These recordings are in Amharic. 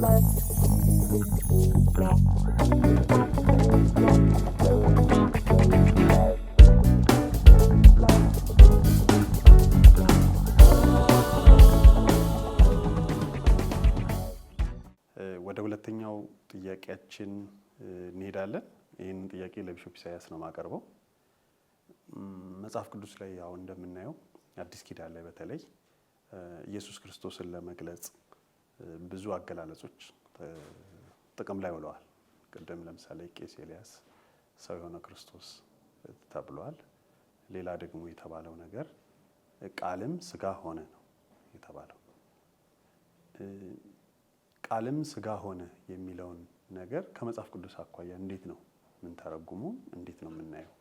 ወደ ሁለተኛው ጥያቄያችን እንሄዳለን። ይህንን ጥያቄ ለቢሾፕ ኢሳያስ ነው የማቀርበው። መጽሐፍ ቅዱስ ላይ አሁን እንደምናየው አዲስ ኪዳን ላይ በተለይ ኢየሱስ ክርስቶስን ለመግለጽ ብዙ አገላለጾች ጥቅም ላይ ውለዋል። ቅድም ለምሳሌ ቄስ ኤልያስ ሰው የሆነ ክርስቶስ ተብሏል። ሌላ ደግሞ የተባለው ነገር ቃልም ስጋ ሆነ ነው የተባለው። ቃልም ስጋ ሆነ የሚለውን ነገር ከመጽሐፍ ቅዱስ አኳያ እንዴት ነው የምንተረጉሙ? እንዴት ነው የምናየው?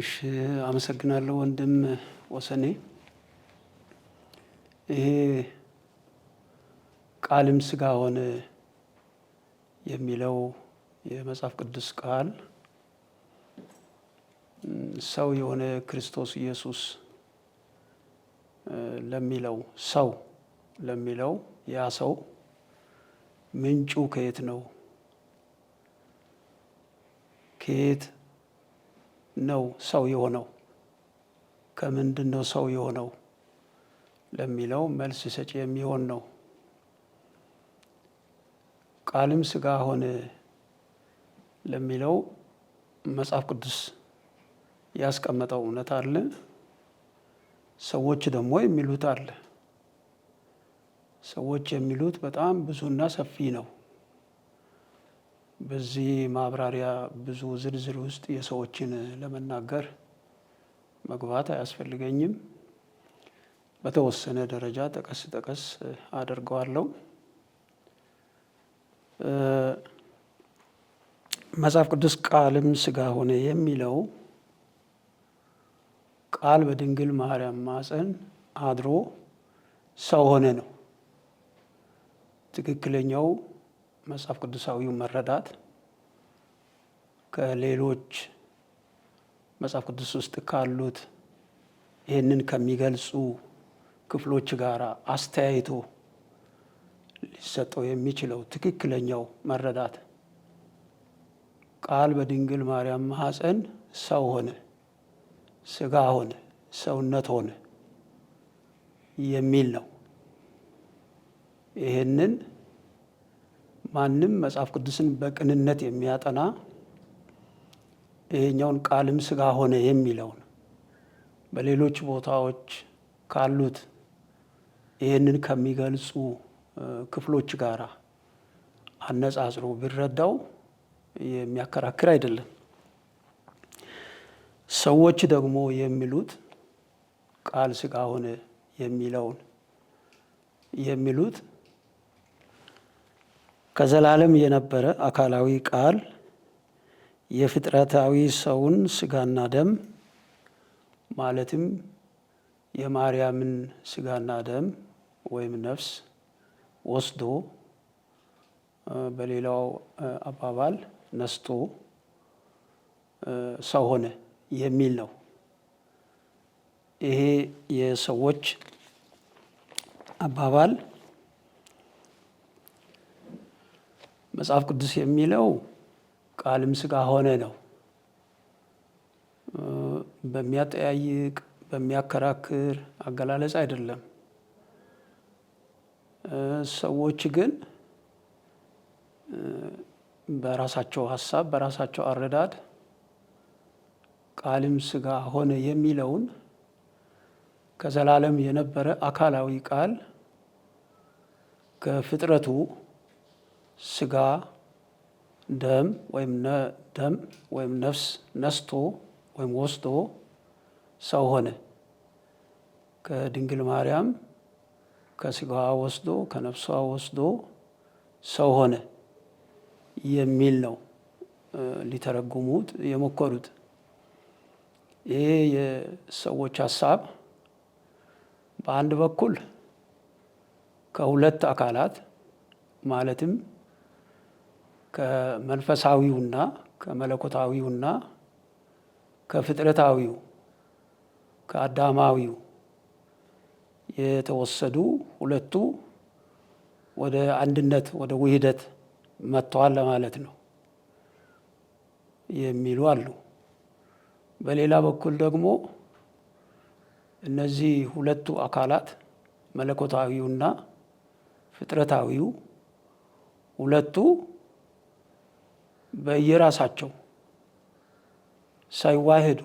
እሺ፣ አመሰግናለሁ ወንድም ወሰኔ። ይሄ ቃልም ስጋ ሆነ የሚለው የመጽሐፍ ቅዱስ ቃል ሰው የሆነ ክርስቶስ ኢየሱስ ለሚለው ሰው ለሚለው ያ ሰው ምንጩ ከየት ነው? ከየት ነው ሰው የሆነው? ከምንድን ነው ሰው የሆነው? ለሚለው መልስ ሰጪ የሚሆን ነው። ቃልም ስጋ ሆነ ለሚለው መጽሐፍ ቅዱስ ያስቀመጠው እውነት አለ። ሰዎች ደግሞ የሚሉት አለ። ሰዎች የሚሉት በጣም ብዙና ሰፊ ነው። በዚህ ማብራሪያ ብዙ ዝርዝር ውስጥ የሰዎችን ለመናገር መግባት አያስፈልገኝም። በተወሰነ ደረጃ ጠቀስ ጠቀስ አድርገዋለሁ። መጽሐፍ ቅዱስ ቃልም ስጋ ሆነ የሚለው ቃል በድንግል ማርያም ማፀን አድሮ ሰው ሆነ ነው ትክክለኛው መጽሐፍ ቅዱሳዊው መረዳት ከሌሎች መጽሐፍ ቅዱስ ውስጥ ካሉት ይህንን ከሚገልጹ ክፍሎች ጋር አስተያይቶ ሊሰጠው የሚችለው ትክክለኛው መረዳት ቃል በድንግል ማርያም ማኅፀን ሰው ሆነ፣ ስጋ ሆነ፣ ሰውነት ሆነ የሚል ነው። ይህንን ማንም መጽሐፍ ቅዱስን በቅንነት የሚያጠና ይሄኛውን ቃልም ስጋ ሆነ የሚለውን በሌሎች ቦታዎች ካሉት ይህንን ከሚገልጹ ክፍሎች ጋር አነጻጽሮ ቢረዳው የሚያከራክር አይደለም። ሰዎች ደግሞ የሚሉት ቃል ሥጋ ሆነ የሚለውን የሚሉት ከዘላለም የነበረ አካላዊ ቃል የፍጥረታዊ ሰውን ሥጋና ደም ማለትም የማርያምን ሥጋና ደም ወይም ነፍስ ወስዶ በሌላው አባባል ነስቶ ሰው ሆነ የሚል ነው። ይሄ የሰዎች አባባል መጽሐፍ ቅዱስ የሚለው ቃልም ስጋ ሆነ ነው። በሚያጠያይቅ በሚያከራክር አገላለጽ አይደለም። ሰዎች ግን በራሳቸው ሀሳብ በራሳቸው አረዳድ ቃልም ስጋ ሆነ የሚለውን ከዘላለም የነበረ አካላዊ ቃል ከፍጥረቱ ስጋ ደም ወይም ደም ወይም ነፍስ ነስቶ ወይም ወስዶ ሰው ሆነ ከድንግል ማርያም ከስጋዋ ወስዶ ከነፍሷ ወስዶ ሰው ሆነ የሚል ነው ሊተረጉሙት የሞከሩት። ይሄ የሰዎች ሀሳብ በአንድ በኩል ከሁለት አካላት ማለትም ከመንፈሳዊውና ከመለኮታዊውና ከፍጥረታዊው ከአዳማዊው የተወሰዱ ሁለቱ ወደ አንድነት ወደ ውህደት መጥተዋል ለማለት ነው የሚሉ አሉ። በሌላ በኩል ደግሞ እነዚህ ሁለቱ አካላት መለኮታዊውና ፍጥረታዊው ሁለቱ በየራሳቸው ሳይዋህዱ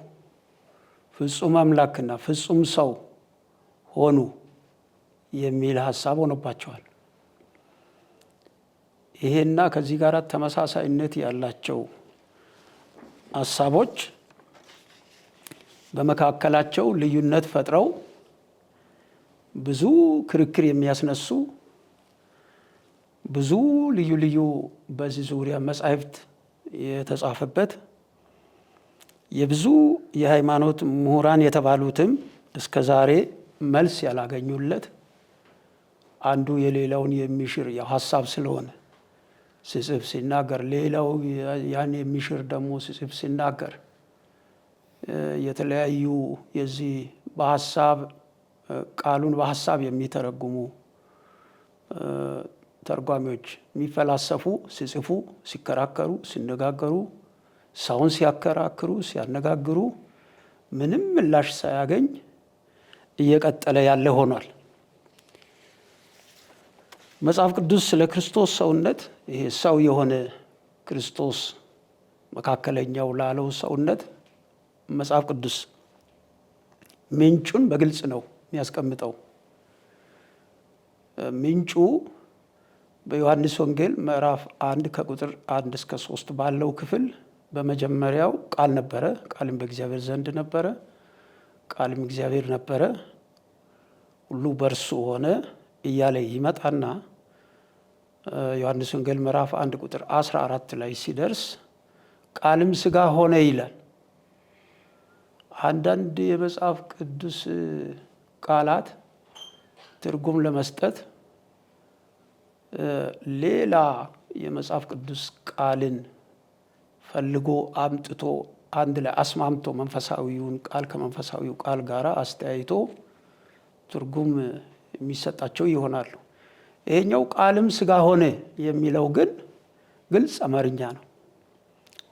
ፍጹም አምላክና ፍጹም ሰው ሆኑ የሚል ሀሳብ ሆኖባቸዋል። ይሄና ከዚህ ጋር ተመሳሳይነት ያላቸው ሀሳቦች በመካከላቸው ልዩነት ፈጥረው ብዙ ክርክር የሚያስነሱ ብዙ ልዩ ልዩ በዚህ ዙሪያ መጻሕፍት የተጻፈበት የብዙ የሃይማኖት ምሁራን የተባሉትም እስከ ዛሬ መልስ ያላገኙለት አንዱ የሌላውን የሚሽር ያው ሀሳብ ስለሆነ ስጽፍ ሲናገር ሌላው ያን የሚሽር ደግሞ ስጽፍ ሲናገር የተለያዩ የዚህ በሀሳብ ቃሉን በሀሳብ የሚተረጉሙ ተርጓሚዎች የሚፈላሰፉ ሲጽፉ፣ ሲከራከሩ፣ ሲነጋገሩ፣ ሰውን ሲያከራክሩ፣ ሲያነጋግሩ ምንም ምላሽ ሳያገኝ እየቀጠለ ያለ ሆኗል። መጽሐፍ ቅዱስ ስለ ክርስቶስ ሰውነት ይሄ ሰው የሆነ ክርስቶስ መካከለኛው ላለው ሰውነት መጽሐፍ ቅዱስ ምንጩን በግልጽ ነው የሚያስቀምጠው። ምንጩ በዮሐንስ ወንጌል ምዕራፍ አንድ ከቁጥር አንድ እስከ ሶስት ባለው ክፍል በመጀመሪያው ቃል ነበረ፣ ቃልም በእግዚአብሔር ዘንድ ነበረ ቃልም እግዚአብሔር ነበረ፣ ሁሉ በእርሱ ሆነ እያለ ይመጣና ዮሐንስ ወንጌል ምዕራፍ አንድ ቁጥር 14 ላይ ሲደርስ ቃልም ስጋ ሆነ ይላል። አንዳንድ የመጽሐፍ ቅዱስ ቃላት ትርጉም ለመስጠት ሌላ የመጽሐፍ ቅዱስ ቃልን ፈልጎ አምጥቶ አንድ ላይ አስማምቶ መንፈሳዊውን ቃል ከመንፈሳዊው ቃል ጋር አስተያይቶ ትርጉም የሚሰጣቸው ይሆናሉ። ይሄኛው ቃልም ስጋ ሆነ የሚለው ግን ግልጽ አማርኛ ነው።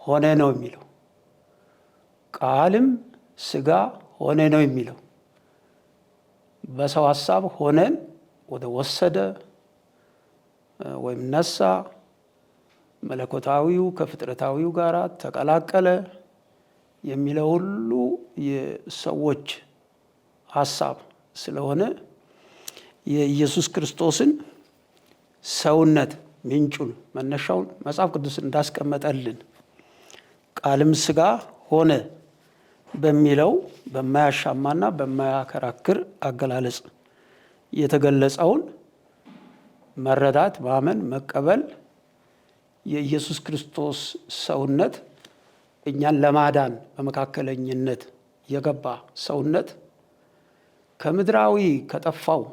ሆነ ነው የሚለው ቃልም ስጋ ሆነ ነው የሚለው በሰው ሀሳብ ሆነን ወደ ወሰደ ወይም ነሳ መለኮታዊው ከፍጥረታዊው ጋር ተቀላቀለ የሚለው ሁሉ የሰዎች ሀሳብ ስለሆነ የኢየሱስ ክርስቶስን ሰውነት ምንጩን መነሻውን መጽሐፍ ቅዱስ እንዳስቀመጠልን ቃልም ስጋ ሆነ በሚለው በማያሻማና በማያከራክር አገላለጽ የተገለጸውን መረዳት፣ ማመን፣ መቀበል የኢየሱስ ክርስቶስ ሰውነት እኛን ለማዳን በመካከለኝነት የገባ ሰውነት ከምድራዊ ከጠፋው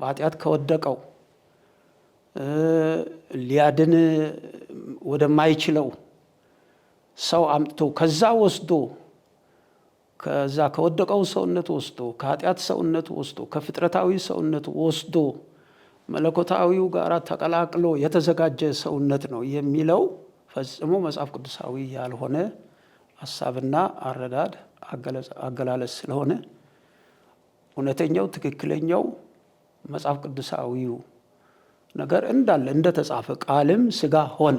በኃጢአት ከወደቀው ሊያድን ወደማይችለው ሰው አምጥቶ ከዛ ወስዶ ከዛ ከወደቀው ሰውነት ወስዶ ከኃጢአት ሰውነት ወስዶ ከፍጥረታዊ ሰውነት ወስዶ መለኮታዊው ጋር ተቀላቅሎ የተዘጋጀ ሰውነት ነው የሚለው ፈጽሞ መጽሐፍ ቅዱሳዊ ያልሆነ ሀሳብና አረዳድ አገላለጽ ስለሆነ እውነተኛው ትክክለኛው መጽሐፍ ቅዱሳዊው ነገር እንዳለ እንደተጻፈ ቃልም ስጋ ሆነ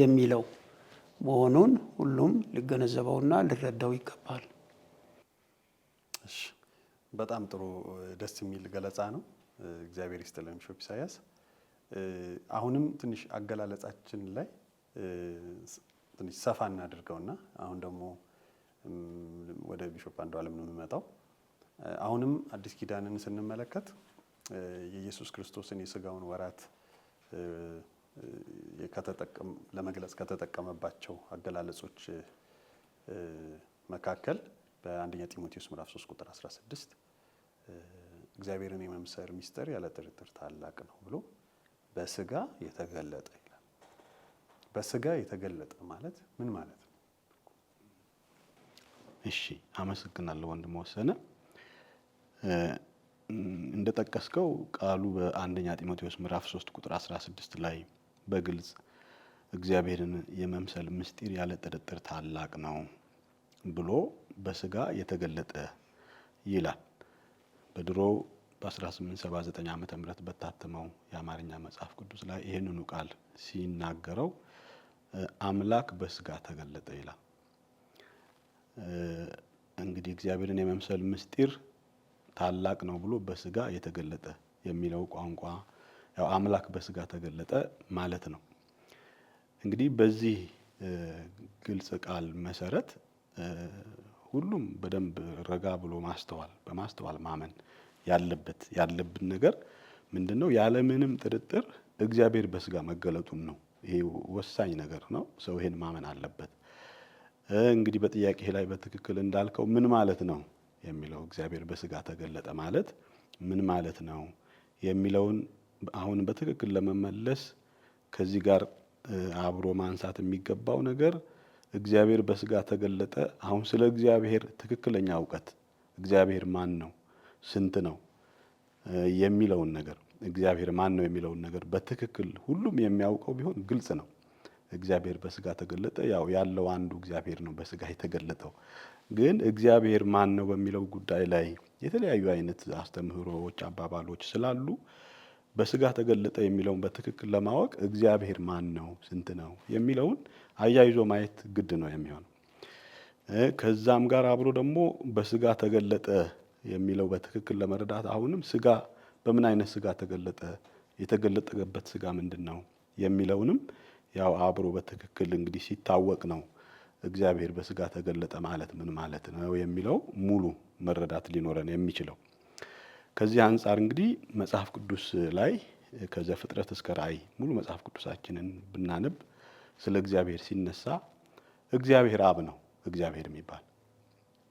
የሚለው መሆኑን ሁሉም ሊገነዘበውና ሊረዳው ይገባል። በጣም ጥሩ ደስ የሚል ገለጻ ነው። እግዚአብሔር ይስጥልን ቢሾፕ ኢሳያስ። አሁንም ትንሽ አገላለጻችን ላይ ትንሽ ሰፋ እናድርገውና አሁን ደግሞ ወደ ቢሾፕ አንዱዓለም ነው የምመጣው። አሁንም አዲስ ኪዳንን ስንመለከት የኢየሱስ ክርስቶስን የስጋውን ወራት ለመግለጽ ከተጠቀመባቸው አገላለጾች መካከል በአንደኛ ጢሞቴዎስ ምዕራፍ 3 ቁጥር 16 እግዚአብሔርን የመምሰር ሚስጥር ያለ ጥርጥር ታላቅ ነው ብሎ በስጋ የተገለጠ በስጋ የተገለጠ ማለት ምን ማለት ነው? እሺ አመሰግናለሁ ወንድም ወሰነ። እንደጠቀስከው ቃሉ በአንደኛ ጢሞቴዎስ ምዕራፍ 3 ቁጥር 16 ላይ በግልጽ እግዚአብሔርን የመምሰል ምስጢር ያለ ጥርጥር ታላቅ ነው ብሎ በስጋ የተገለጠ ይላል። በድሮው በ1879 ዓ ም በታተመው የአማርኛ መጽሐፍ ቅዱስ ላይ ይህንኑ ቃል ሲናገረው አምላክ በስጋ ተገለጠ ይላል። እንግዲህ እግዚአብሔርን የመምሰል ምስጢር ታላቅ ነው ብሎ በስጋ የተገለጠ የሚለው ቋንቋ ያው አምላክ በስጋ ተገለጠ ማለት ነው። እንግዲህ በዚህ ግልጽ ቃል መሰረት ሁሉም በደንብ ረጋ ብሎ ማስተዋል በማስተዋል ማመን ያለበት ያለብን ነገር ምንድን ነው? ያለምንም ጥርጥር እግዚአብሔር በስጋ መገለጡን ነው ይሄ ወሳኝ ነገር ነው። ሰው ይሄን ማመን አለበት። እንግዲህ በጥያቄ ላይ በትክክል እንዳልከው ምን ማለት ነው የሚለው እግዚአብሔር በስጋ ተገለጠ ማለት ምን ማለት ነው የሚለውን አሁን በትክክል ለመመለስ ከዚህ ጋር አብሮ ማንሳት የሚገባው ነገር እግዚአብሔር በስጋ ተገለጠ። አሁን ስለ እግዚአብሔር ትክክለኛ እውቀት እግዚአብሔር ማን ነው፣ ስንት ነው የሚለውን ነገር እግዚአብሔር ማን ነው የሚለውን ነገር በትክክል ሁሉም የሚያውቀው ቢሆን ግልጽ ነው። እግዚአብሔር በስጋ ተገለጠ። ያው ያለው አንዱ እግዚአብሔር ነው በስጋ የተገለጠው። ግን እግዚአብሔር ማን ነው በሚለው ጉዳይ ላይ የተለያዩ አይነት አስተምህሮዎች፣ አባባሎች ስላሉ በስጋ ተገለጠ የሚለውን በትክክል ለማወቅ እግዚአብሔር ማን ነው፣ ስንት ነው የሚለውን አያይዞ ማየት ግድ ነው የሚሆነው። ከዛም ጋር አብሮ ደግሞ በስጋ ተገለጠ የሚለው በትክክል ለመረዳት አሁንም ስጋ በምን አይነት ስጋ ተገለጠ፣ የተገለጠበት ስጋ ምንድን ነው የሚለውንም ያው አብሮ በትክክል እንግዲህ ሲታወቅ ነው እግዚአብሔር በስጋ ተገለጠ ማለት ምን ማለት ነው የሚለው ሙሉ መረዳት ሊኖረን የሚችለው። ከዚህ አንጻር እንግዲህ መጽሐፍ ቅዱስ ላይ ከዘፍጥረት እስከ ራእይ ሙሉ መጽሐፍ ቅዱሳችንን ብናነብ ስለ እግዚአብሔር ሲነሳ እግዚአብሔር አብ ነው እግዚአብሔር የሚባል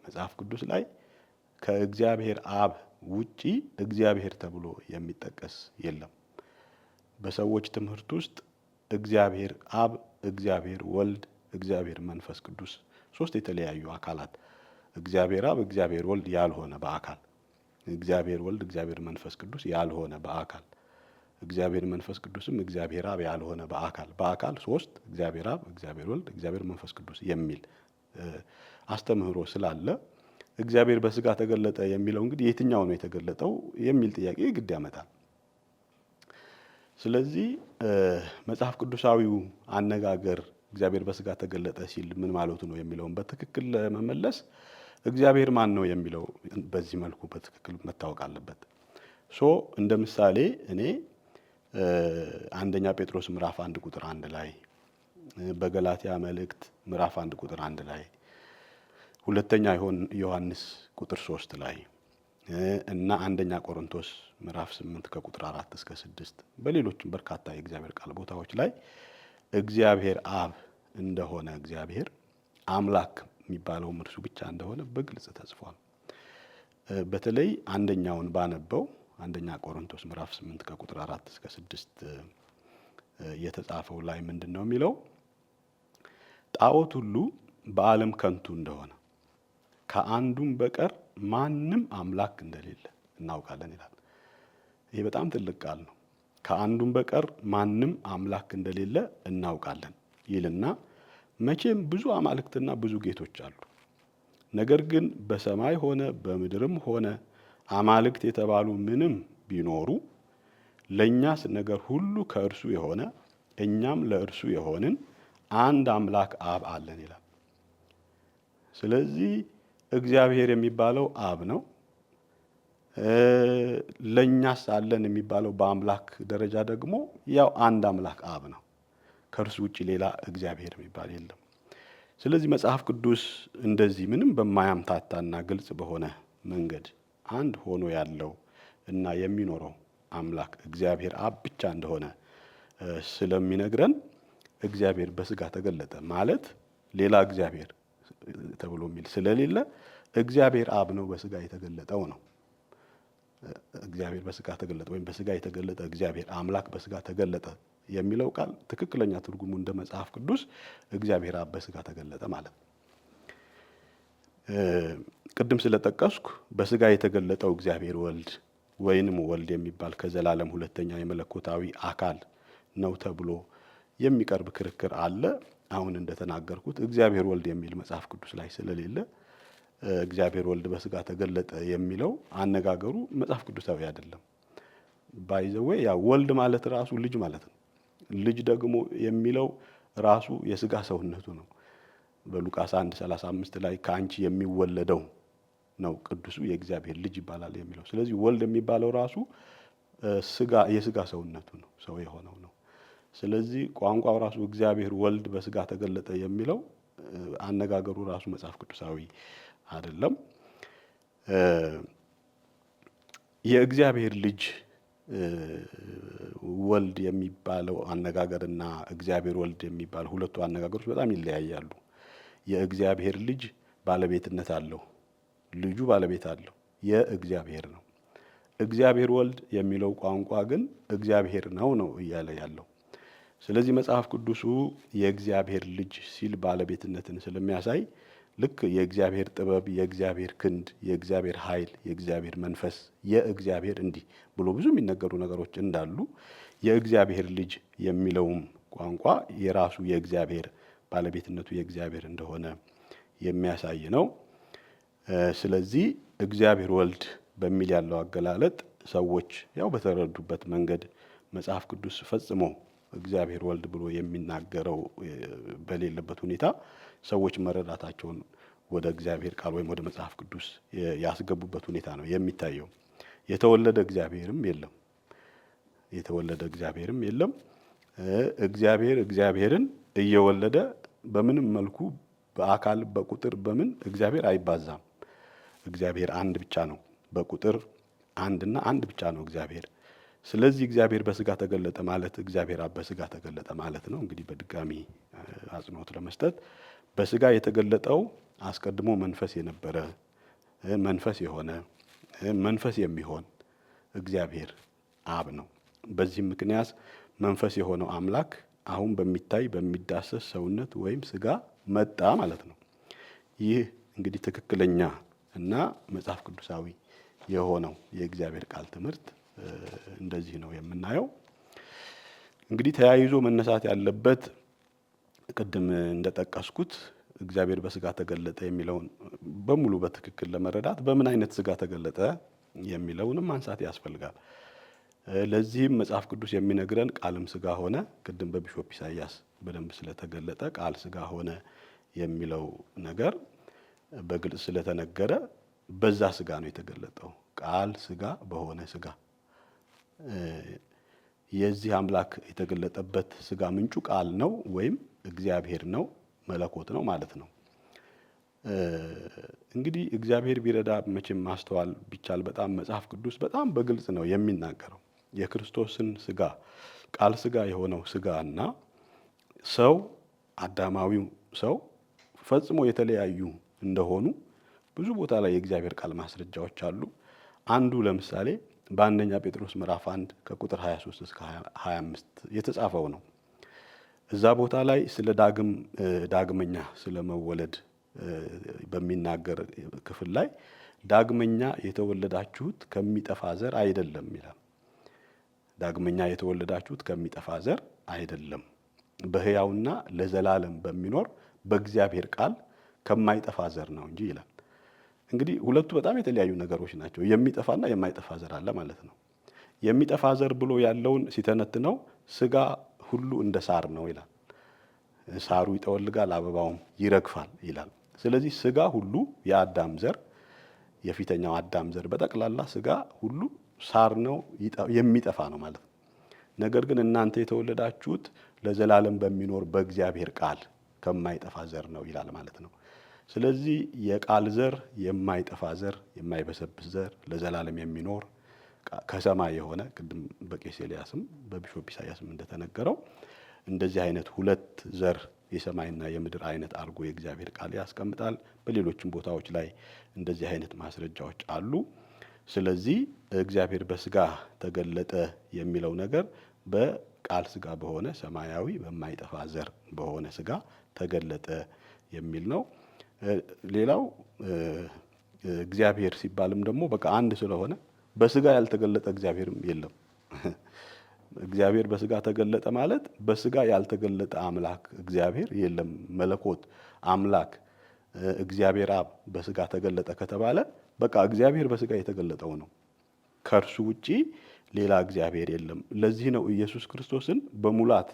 መጽሐፍ ቅዱስ ላይ ከእግዚአብሔር አብ ውጪ እግዚአብሔር ተብሎ የሚጠቀስ የለም። በሰዎች ትምህርት ውስጥ እግዚአብሔር አብ፣ እግዚአብሔር ወልድ፣ እግዚአብሔር መንፈስ ቅዱስ ሶስት የተለያዩ አካላት እግዚአብሔር አብ፣ እግዚአብሔር ወልድ ያልሆነ በአካል እግዚአብሔር ወልድ፣ እግዚአብሔር መንፈስ ቅዱስ ያልሆነ በአካል እግዚአብሔር መንፈስ ቅዱስም እግዚአብሔር አብ ያልሆነ በአካል በአካል ሶስት እግዚአብሔር አብ፣ እግዚአብሔር ወልድ፣ እግዚአብሔር መንፈስ ቅዱስ የሚል አስተምህሮ ስላለ እግዚአብሔር በስጋ ተገለጠ የሚለው እንግዲህ የትኛው ነው የተገለጠው የሚል ጥያቄ ግድ ያመጣል። ስለዚህ መጽሐፍ ቅዱሳዊው አነጋገር እግዚአብሔር በስጋ ተገለጠ ሲል ምን ማለቱ ነው የሚለውን በትክክል ለመመለስ እግዚአብሔር ማን ነው የሚለው በዚህ መልኩ በትክክል መታወቅ አለበት። ሶ እንደ ምሳሌ እኔ አንደኛ ጴጥሮስ ምዕራፍ አንድ ቁጥር አንድ ላይ በገላትያ መልእክት ምዕራፍ አንድ ቁጥር አንድ ላይ ሁለተኛ ዮሐንስ ቁጥር ሶስት ላይ እና አንደኛ ቆሮንቶስ ምዕራፍ ስምንት ከቁጥር አራት እስከ ስድስት በሌሎችም በርካታ የእግዚአብሔር ቃል ቦታዎች ላይ እግዚአብሔር አብ እንደሆነ እግዚአብሔር አምላክ የሚባለውም እርሱ ብቻ እንደሆነ በግልጽ ተጽፏል። በተለይ አንደኛውን ባነበው አንደኛ ቆሮንቶስ ምዕራፍ ስምንት ከቁጥር አራት እስከ ስድስት የተጻፈው ላይ ምንድን ነው የሚለው? ጣዖት ሁሉ በዓለም ከንቱ እንደሆነ ከአንዱም በቀር ማንም አምላክ እንደሌለ እናውቃለን ይላል። ይህ በጣም ትልቅ ቃል ነው። ከአንዱም በቀር ማንም አምላክ እንደሌለ እናውቃለን ይልና መቼም ብዙ አማልክትና ብዙ ጌቶች አሉ። ነገር ግን በሰማይ ሆነ በምድርም ሆነ አማልክት የተባሉ ምንም ቢኖሩ ለእኛስ ነገር ሁሉ ከእርሱ የሆነ እኛም ለእርሱ የሆንን አንድ አምላክ አብ አለን ይላል። ስለዚህ እግዚአብሔር የሚባለው አብ ነው። ለእኛስ አለን የሚባለው በአምላክ ደረጃ ደግሞ ያው አንድ አምላክ አብ ነው። ከእርሱ ውጭ ሌላ እግዚአብሔር የሚባል የለም። ስለዚህ መጽሐፍ ቅዱስ እንደዚህ ምንም በማያምታታና ግልጽ በሆነ መንገድ አንድ ሆኖ ያለው እና የሚኖረው አምላክ እግዚአብሔር አብ ብቻ እንደሆነ ስለሚነግረን እግዚአብሔር በስጋ ተገለጠ ማለት ሌላ እግዚአብሔር ተብሎ የሚል ስለሌለ እግዚአብሔር አብ ነው በስጋ የተገለጠው ነው። እግዚአብሔር በስጋ ተገለጠ ወይም በስጋ የተገለጠ እግዚአብሔር አምላክ በስጋ ተገለጠ የሚለው ቃል ትክክለኛ ትርጉሙ እንደ መጽሐፍ ቅዱስ እግዚአብሔር አብ በስጋ ተገለጠ ማለት ነው። ቅድም ስለጠቀስኩ በስጋ የተገለጠው እግዚአብሔር ወልድ ወይንም ወልድ የሚባል ከዘላለም ሁለተኛ የመለኮታዊ አካል ነው ተብሎ የሚቀርብ ክርክር አለ። አሁን እንደተናገርኩት እግዚአብሔር ወልድ የሚል መጽሐፍ ቅዱስ ላይ ስለሌለ እግዚአብሔር ወልድ በስጋ ተገለጠ የሚለው አነጋገሩ መጽሐፍ ቅዱሳዊ አይደለም። ባይዘዌ ያ ወልድ ማለት ራሱ ልጅ ማለት ነው። ልጅ ደግሞ የሚለው ራሱ የስጋ ሰውነቱ ነው። በሉቃስ 1 35 ላይ ከአንቺ የሚወለደው ነው ቅዱሱ የእግዚአብሔር ልጅ ይባላል የሚለው። ስለዚህ ወልድ የሚባለው ራሱ ስጋ የስጋ ሰውነቱ ነው፣ ሰው የሆነው ነው። ስለዚህ ቋንቋው ራሱ እግዚአብሔር ወልድ በስጋ ተገለጠ የሚለው አነጋገሩ ራሱ መጽሐፍ ቅዱሳዊ አይደለም። የእግዚአብሔር ልጅ ወልድ የሚባለው አነጋገርና እግዚአብሔር ወልድ የሚባል ሁለቱ አነጋገሮች በጣም ይለያያሉ። የእግዚአብሔር ልጅ ባለቤትነት አለው። ልጁ ባለቤት አለው። የእግዚአብሔር ነው። እግዚአብሔር ወልድ የሚለው ቋንቋ ግን እግዚአብሔር ነው ነው እያለ ያለው ስለዚህ መጽሐፍ ቅዱሱ የእግዚአብሔር ልጅ ሲል ባለቤትነትን ስለሚያሳይ ልክ የእግዚአብሔር ጥበብ፣ የእግዚአብሔር ክንድ፣ የእግዚአብሔር ኃይል፣ የእግዚአብሔር መንፈስ፣ የእግዚአብሔር እንዲህ ብሎ ብዙ የሚነገሩ ነገሮች እንዳሉ የእግዚአብሔር ልጅ የሚለውም ቋንቋ የራሱ የእግዚአብሔር ባለቤትነቱ የእግዚአብሔር እንደሆነ የሚያሳይ ነው። ስለዚህ እግዚአብሔር ወልድ በሚል ያለው አገላለጥ ሰዎች ያው በተረዱበት መንገድ መጽሐፍ ቅዱስ ፈጽሞ እግዚአብሔር ወልድ ብሎ የሚናገረው በሌለበት ሁኔታ ሰዎች መረዳታቸውን ወደ እግዚአብሔር ቃል ወይም ወደ መጽሐፍ ቅዱስ ያስገቡበት ሁኔታ ነው የሚታየው። የተወለደ እግዚአብሔርም የለም የተወለደ እግዚአብሔርም የለም። እግዚአብሔር እግዚአብሔርን እየወለደ በምንም መልኩ በአካል በቁጥር በምን እግዚአብሔር አይባዛም። እግዚአብሔር አንድ ብቻ ነው። በቁጥር አንድና አንድ ብቻ ነው እግዚአብሔር ስለዚህ እግዚአብሔር በስጋ ተገለጠ ማለት እግዚአብሔር አብ በስጋ ተገለጠ ማለት ነው። እንግዲህ በድጋሚ አጽንኦት ለመስጠት በስጋ የተገለጠው አስቀድሞ መንፈስ የነበረ መንፈስ የሆነ መንፈስ የሚሆን እግዚአብሔር አብ ነው። በዚህም ምክንያት መንፈስ የሆነው አምላክ አሁን በሚታይ በሚዳሰስ ሰውነት ወይም ስጋ መጣ ማለት ነው። ይህ እንግዲህ ትክክለኛ እና መጽሐፍ ቅዱሳዊ የሆነው የእግዚአብሔር ቃል ትምህርት እንደዚህ ነው የምናየው። እንግዲህ ተያይዞ መነሳት ያለበት ቅድም እንደጠቀስኩት እግዚአብሔር በስጋ ተገለጠ የሚለውን በሙሉ በትክክል ለመረዳት በምን አይነት ስጋ ተገለጠ የሚለውንም ማንሳት ያስፈልጋል። ለዚህም መጽሐፍ ቅዱስ የሚነግረን ቃልም ስጋ ሆነ፣ ቅድም በቢሾፕ ኢሳያስ በደንብ ስለተገለጠ ቃል ስጋ ሆነ የሚለው ነገር በግልጽ ስለተነገረ በዛ ስጋ ነው የተገለጠው። ቃል ስጋ በሆነ ስጋ የዚህ አምላክ የተገለጠበት ስጋ ምንጩ ቃል ነው ወይም እግዚአብሔር ነው መለኮት ነው ማለት ነው። እንግዲህ እግዚአብሔር ቢረዳ መቼም ማስተዋል ቢቻል በጣም መጽሐፍ ቅዱስ በጣም በግልጽ ነው የሚናገረው የክርስቶስን ስጋ ቃል ስጋ የሆነው ስጋ እና ሰው አዳማዊው ሰው ፈጽሞ የተለያዩ እንደሆኑ ብዙ ቦታ ላይ የእግዚአብሔር ቃል ማስረጃዎች አሉ። አንዱ ለምሳሌ በአንደኛ ጴጥሮስ ምዕራፍ 1 ከቁጥር 23 እስከ 25 የተጻፈው ነው። እዛ ቦታ ላይ ስለ ዳግም ዳግመኛ ስለ መወለድ በሚናገር ክፍል ላይ ዳግመኛ የተወለዳችሁት ከሚጠፋ ዘር አይደለም ይላል። ዳግመኛ የተወለዳችሁት ከሚጠፋ ዘር አይደለም፣ በሕያውና ለዘላለም በሚኖር በእግዚአብሔር ቃል ከማይጠፋ ዘር ነው እንጂ ይላል። እንግዲህ ሁለቱ በጣም የተለያዩ ነገሮች ናቸው። የሚጠፋና የማይጠፋ ዘር አለ ማለት ነው። የሚጠፋ ዘር ብሎ ያለውን ሲተነትነው ስጋ ሁሉ እንደ ሳር ነው ይላል። ሳሩ ይጠወልጋል፣ አበባውም ይረግፋል ይላል። ስለዚህ ስጋ ሁሉ የአዳም ዘር የፊተኛው አዳም ዘር በጠቅላላ ስጋ ሁሉ ሳር ነው፣ የሚጠፋ ነው ማለት ነው። ነገር ግን እናንተ የተወለዳችሁት ለዘላለም በሚኖር በእግዚአብሔር ቃል ከማይጠፋ ዘር ነው ይላል ማለት ነው። ስለዚህ የቃል ዘር የማይጠፋ ዘር የማይበሰብስ ዘር ለዘላለም የሚኖር ከሰማይ የሆነ ቅድም በቄስ ኤልያስም በቢሾፕ ኢሳያስም እንደተነገረው እንደዚህ አይነት ሁለት ዘር የሰማይና የምድር አይነት አድርጎ የእግዚአብሔር ቃል ያስቀምጣል። በሌሎችም ቦታዎች ላይ እንደዚህ አይነት ማስረጃዎች አሉ። ስለዚህ እግዚአብሔር በስጋ ተገለጠ የሚለው ነገር በቃል ስጋ በሆነ ሰማያዊ በማይጠፋ ዘር በሆነ ስጋ ተገለጠ የሚል ነው። ሌላው እግዚአብሔር ሲባልም ደግሞ በቃ አንድ ስለሆነ በስጋ ያልተገለጠ እግዚአብሔርም የለም። እግዚአብሔር በስጋ ተገለጠ ማለት በስጋ ያልተገለጠ አምላክ እግዚአብሔር የለም። መለኮት አምላክ እግዚአብሔር አብ በስጋ ተገለጠ ከተባለ በቃ እግዚአብሔር በስጋ የተገለጠው ነው። ከእርሱ ውጪ ሌላ እግዚአብሔር የለም። ለዚህ ነው ኢየሱስ ክርስቶስን በሙላት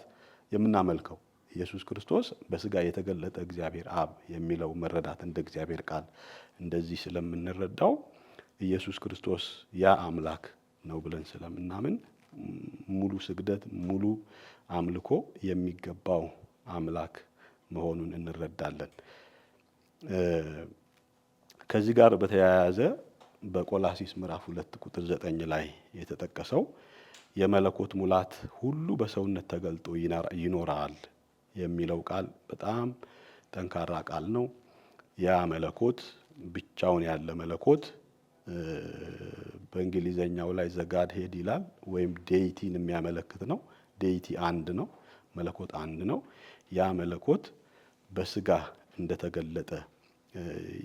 የምናመልከው። ኢየሱስ ክርስቶስ በስጋ የተገለጠ እግዚአብሔር አብ የሚለው መረዳት እንደ እግዚአብሔር ቃል እንደዚህ ስለምንረዳው ኢየሱስ ክርስቶስ ያ አምላክ ነው ብለን ስለምናምን ሙሉ ስግደት፣ ሙሉ አምልኮ የሚገባው አምላክ መሆኑን እንረዳለን። ከዚህ ጋር በተያያዘ በቆላሲስ ምዕራፍ ሁለት ቁጥር ዘጠኝ ላይ የተጠቀሰው የመለኮት ሙላት ሁሉ በሰውነት ተገልጦ ይኖራል የሚለው ቃል በጣም ጠንካራ ቃል ነው። ያ መለኮት ብቻውን ያለ መለኮት በእንግሊዘኛው ላይ ዘጋድ ሄድ ይላል ወይም ዴይቲን የሚያመለክት ነው። ዴይቲ አንድ ነው፣ መለኮት አንድ ነው። ያ መለኮት በስጋ እንደተገለጠ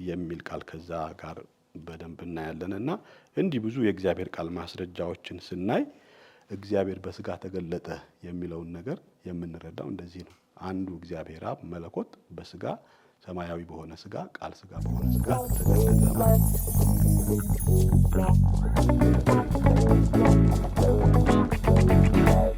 የሚል ቃል ከዛ ጋር በደንብ እናያለን እና እንዲህ ብዙ የእግዚአብሔር ቃል ማስረጃዎችን ስናይ እግዚአብሔር በስጋ ተገለጠ የሚለውን ነገር የምንረዳው እንደዚህ ነው። አንዱ እግዚአብሔር አብ መለኮት በስጋ ሰማያዊ በሆነ ስጋ ቃል ስጋ በሆነ ስጋ ተገለጠ